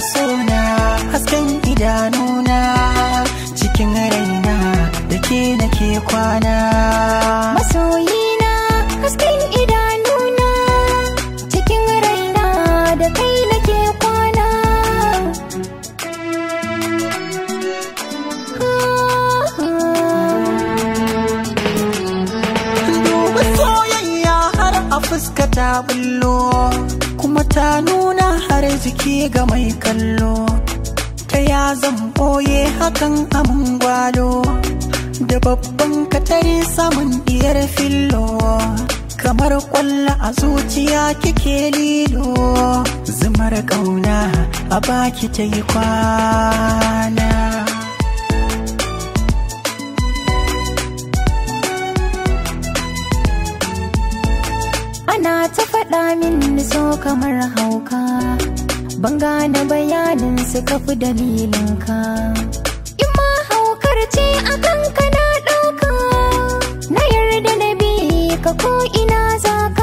sona hasken idanuna cikin raina da ke nake kwana masoyina hasken idanuna cikin raina da kai nake kwana duba soyayya har a fuskata bullo kuma nuna har jiki ga mai kallo ta ya zan boye hakan amin gwalo da babban katari samun diyar fillo kamar kwalla a zuciya kike lilo zumar kauna a baki ta yi kwana ana ta faɗa min so kamar hauka ban gane bayanin su kafi dalilinka in ma haukar ce a kanka na ɗauka na yarda na bi ka ko ina za ka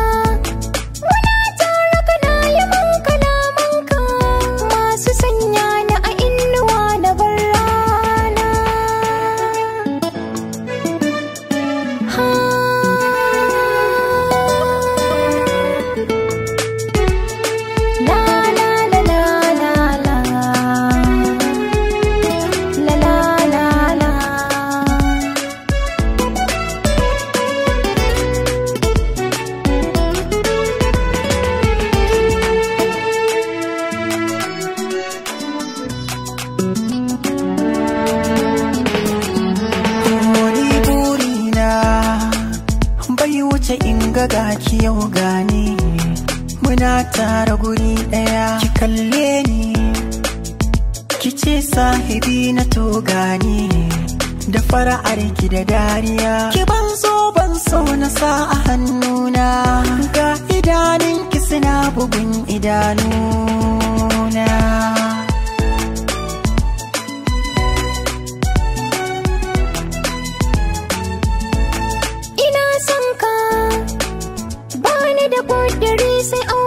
muna tara guri ɗaya ki kalle ni ki ce sahibi na togani ne da fara'ar ki da dariya ki ban so ban so na sa a hannuna ga idanun ki suna bugun idanuna ina son ka bani da ƙudurin say, oh.